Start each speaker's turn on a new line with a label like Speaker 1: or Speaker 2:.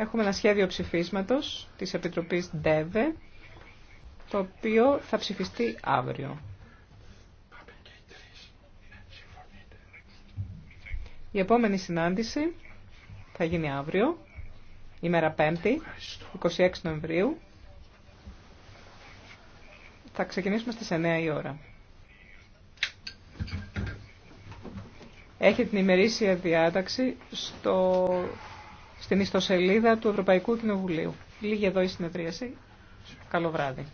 Speaker 1: Έχουμε ένα σχέδιο ψηφίσματος της Επιτροπής ΔΕΒΕ, το οποίο θα ψηφιστεί αύριο. Η επόμενη συνάντηση θα γίνει αύριο, ημέρα 5η, 26 Νοεμβρίου. Θα ξεκινήσουμε στις 9 η ώρα. Έχει την ημερήσια διάταξη στο στην ιστοσελίδα του Ευρωπαϊκού Κοινοβουλίου. Λίγη εδώ η συνεδρίαση. Καλό βράδυ.